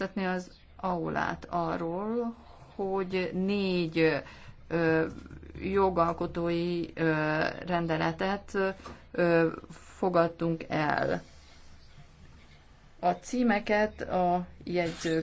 emlékeztetni az aulát arról, hogy négy ö, jogalkotói ö, rendeletet ö, fogadtunk el. A címeket a jegyző